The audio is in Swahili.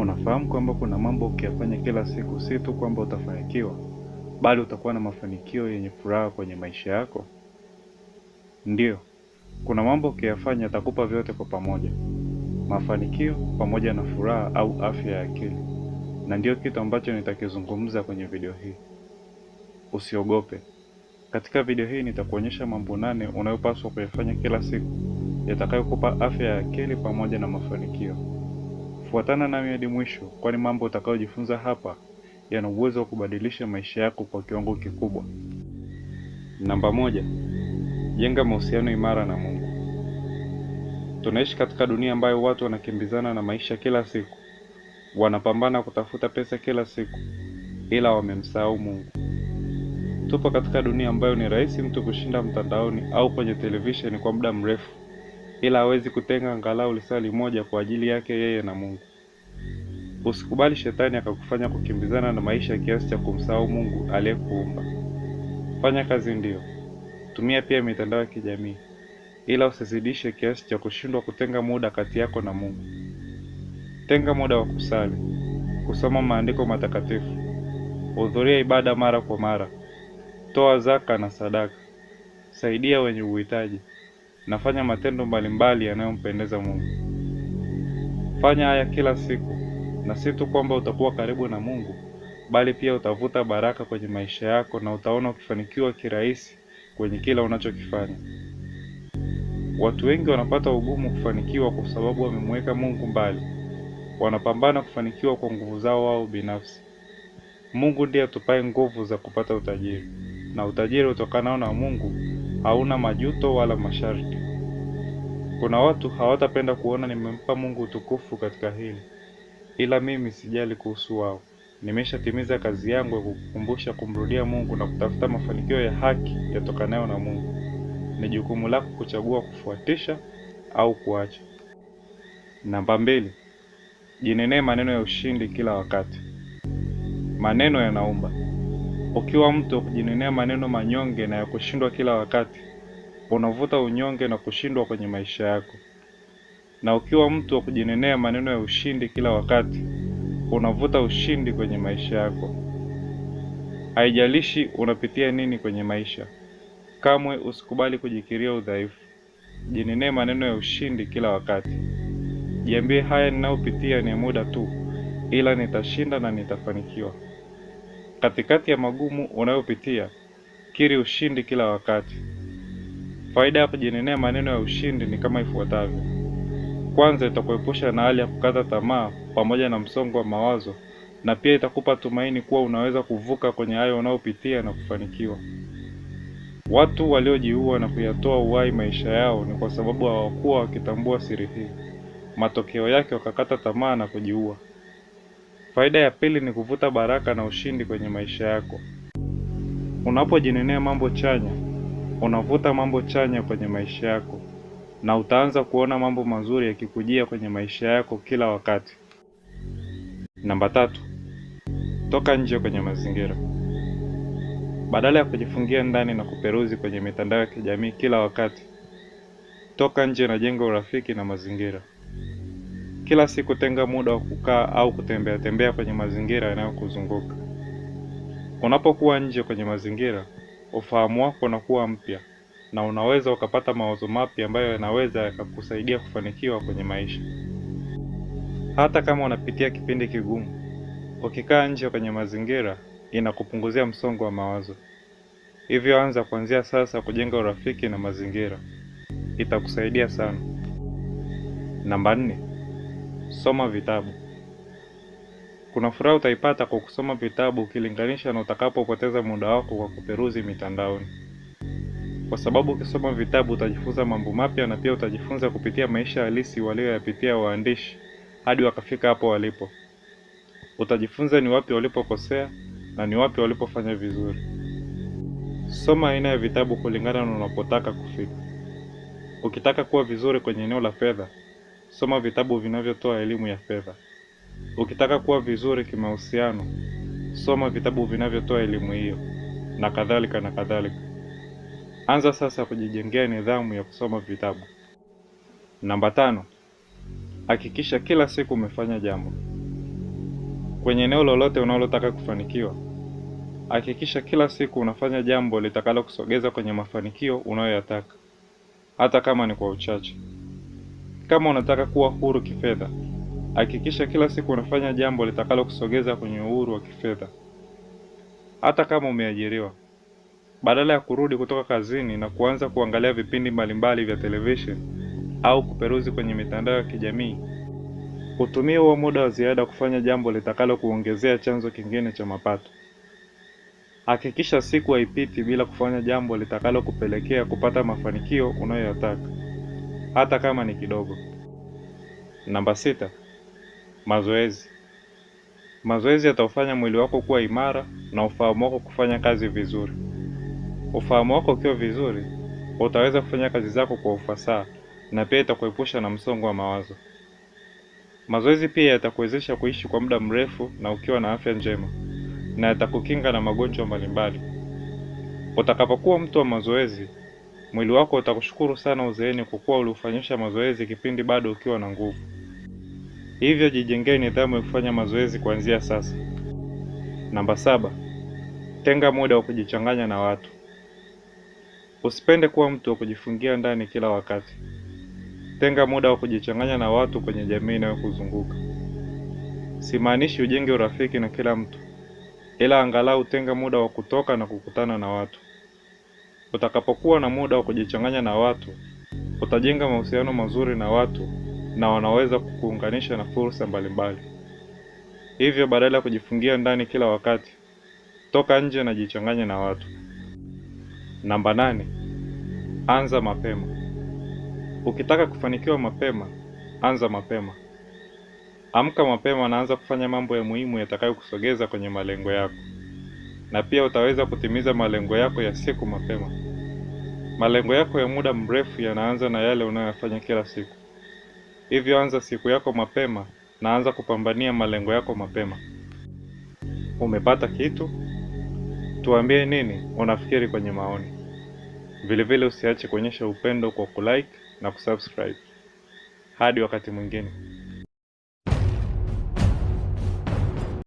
unafahamu kwamba kuna mambo ukiyafanya kila siku, si tu kwamba utafanikiwa, bali utakuwa na mafanikio yenye furaha kwenye maisha yako? Ndiyo, kuna mambo ukiyafanya yatakupa vyote kwa pamoja, mafanikio pamoja na furaha au afya ya akili, na ndiyo kitu ambacho nitakizungumza kwenye video hii. Usiogope. Katika video hii nitakuonyesha mambo nane unayopaswa kuyafanya kila siku yatakayokupa afya ya akili pamoja na mafanikio. Fuatana nami hadi mwisho, kwani mambo utakayojifunza hapa yana uwezo wa kubadilisha maisha yako kwa kiwango kikubwa. Namba moja, jenga mahusiano imara na Mungu. Tunaishi katika dunia ambayo watu wanakimbizana na maisha kila siku, wanapambana kutafuta pesa kila siku, ila wamemsahau Mungu. Tupo katika dunia ambayo ni rahisi mtu kushinda mtandaoni au kwenye televisheni kwa muda mrefu ila hawezi kutenga angalau lisali moja kwa ajili yake yeye na Mungu. Usikubali shetani akakufanya kukimbizana na maisha kiasi cha kumsahau Mungu aliyekuumba. Fanya kazi ndiyo, tumia pia mitandao ya kijamii, ila usizidishe kiasi cha kushindwa kutenga muda kati yako na Mungu. Tenga muda wa kusali, kusoma maandiko matakatifu, hudhuria ibada mara kwa mara, toa zaka na sadaka, saidia wenye uhitaji nafanya matendo mbalimbali yanayompendeza Mungu. Fanya haya kila siku, na si tu kwamba utakuwa karibu na Mungu, bali pia utavuta baraka kwenye maisha yako na utaona ukifanikiwa kirahisi kwenye kila unachokifanya. Watu wengi wanapata ugumu kufanikiwa kwa sababu wamemweka Mungu mbali. Wanapambana kufanikiwa kwa nguvu zao wao binafsi. Mungu ndiye atupaye nguvu za kupata utajiri, na utajiri utokanao na Mungu hauna majuto wala masharti. Kuna watu hawatapenda kuona nimempa Mungu utukufu katika hili, ila mimi sijali kuhusu wao. Nimeshatimiza kazi yangu ya kukumbusha kumrudia Mungu na kutafuta mafanikio ya haki yatokanayo na Mungu. Ni jukumu lako kuchagua kufuatisha au kuacha. Namba mbili, jinenee maneno ya ushindi kila wakati. Maneno yanaumba. Ukiwa mtu wa kujinenea maneno manyonge na ya kushindwa kila wakati, unavuta unyonge na kushindwa kwenye maisha yako. Na ukiwa mtu wa kujinenea maneno ya ushindi kila wakati, unavuta ushindi kwenye maisha yako. Haijalishi unapitia nini kwenye maisha, kamwe usikubali kujikiria udhaifu. Jinenee maneno ya ushindi kila wakati. Jiambie, haya ninayopitia ni muda tu, ila nitashinda na nitafanikiwa. Katikati ya magumu unayopitia, kiri ushindi kila wakati. Faida ya kujinenea maneno ya ushindi ni kama ifuatavyo: kwanza, itakuepusha na hali ya kukata tamaa pamoja na msongo wa mawazo, na pia itakupa tumaini kuwa unaweza kuvuka kwenye hayo unayopitia na kufanikiwa. Watu waliojiua na kuyatoa uhai maisha yao ni kwa sababu hawakuwa wakitambua siri hii. Matokeo yake wakakata tamaa na kujiua. Faida ya pili ni kuvuta baraka na ushindi kwenye maisha yako. Unapojinenea mambo chanya, unavuta mambo chanya kwenye maisha yako na utaanza kuona mambo mazuri yakikujia kwenye maisha yako kila wakati. Namba tatu, toka nje kwenye mazingira. Badala ya kujifungia ndani na kuperuzi kwenye mitandao ya kijamii kila wakati, toka nje na jenga urafiki na mazingira. Kila siku tenga muda wa kukaa au kutembea tembea kwenye mazingira yanayokuzunguka. Unapokuwa nje kwenye mazingira, ufahamu wako unakuwa mpya na unaweza ukapata mawazo mapya ambayo yanaweza yakakusaidia kufanikiwa kwenye maisha. Hata kama unapitia kipindi kigumu, ukikaa nje kwenye mazingira inakupunguzia msongo wa mawazo. Hivyo anza kuanzia sasa kujenga urafiki na mazingira, itakusaidia sana. Namba nne. Soma vitabu. Kuna furaha utaipata kwa kusoma vitabu ukilinganisha na utakapopoteza muda wako kwa kuperuzi mitandaoni, kwa sababu ukisoma vitabu utajifunza mambo mapya na pia utajifunza kupitia maisha halisi walioyapitia waandishi hadi wakafika hapo walipo. Utajifunza ni wapi walipokosea na ni wapi walipofanya vizuri. Soma aina ya vitabu kulingana na unapotaka kufika. Ukitaka kuwa vizuri kwenye eneo la fedha, soma vitabu vinavyotoa elimu ya fedha. Ukitaka kuwa vizuri kimahusiano, soma vitabu vinavyotoa elimu hiyo, na kadhalika na kadhalika. Anza sasa kujijengea nidhamu ya kusoma vitabu. Namba tano, hakikisha kila siku umefanya jambo kwenye eneo lolote unalotaka kufanikiwa. Hakikisha kila siku unafanya jambo litakalokusogeza kwenye mafanikio unayoyataka, hata kama ni kwa uchache. Kama unataka kuwa huru kifedha, hakikisha kila siku unafanya jambo litakalokusogeza kwenye uhuru wa kifedha. Hata kama umeajiriwa, badala ya kurudi kutoka kazini na kuanza kuangalia vipindi mbalimbali vya television au kuperuzi kwenye mitandao ya kijamii, utumie huo muda wa ziada kufanya jambo litakalokuongezea chanzo kingine cha mapato. Hakikisha siku haipiti bila kufanya jambo litakalokupelekea kupata mafanikio unayoyataka hata kama ni kidogo. Namba sita, mazoezi. Mazoezi yataufanya mwili wako kuwa imara na ufahamu wako kufanya kazi vizuri. Ufahamu wako ukiwa vizuri, utaweza kufanya kazi zako kwa ufasaha na pia itakuepusha na msongo wa mawazo. Mazoezi pia yatakuwezesha kuishi kwa muda mrefu na ukiwa na afya njema na yatakukinga na magonjwa mbalimbali. Utakapokuwa mtu wa mazoezi, Mwili wako utakushukuru sana uzeeni kwa kuwa uliufanyisha mazoezi kipindi bado ukiwa na nguvu. Hivyo jijengee nidhamu ya kufanya mazoezi kuanzia sasa. Namba saba, tenga muda wa kujichanganya na watu. Usipende kuwa mtu wa kujifungia ndani kila wakati. Tenga muda wa kujichanganya na watu kwenye jamii inayokuzunguka. Simaanishi ujenge urafiki na kila mtu, ila angalau tenga muda wa kutoka na kukutana na watu. Utakapokuwa na muda wa kujichanganya na watu, utajenga mahusiano mazuri na watu na wanaweza kukuunganisha na fursa mbalimbali. Hivyo badala ya kujifungia ndani kila wakati, toka nje na jichanganye na watu. Namba nane, anza mapema. Ukitaka kufanikiwa mapema, anza mapema. Amka mapema na anza kufanya mambo ya muhimu yatakayokusogeza kwenye malengo yako na pia utaweza kutimiza malengo yako ya siku mapema. Malengo yako ya muda mrefu yanaanza na yale unayoyafanya kila siku, hivyo anza siku yako mapema na anza kupambania malengo yako mapema. Umepata kitu? Tuambie nini unafikiri kwenye maoni. Vilevile usiache kuonyesha upendo kwa kulike na kusubscribe. Hadi wakati mwingine.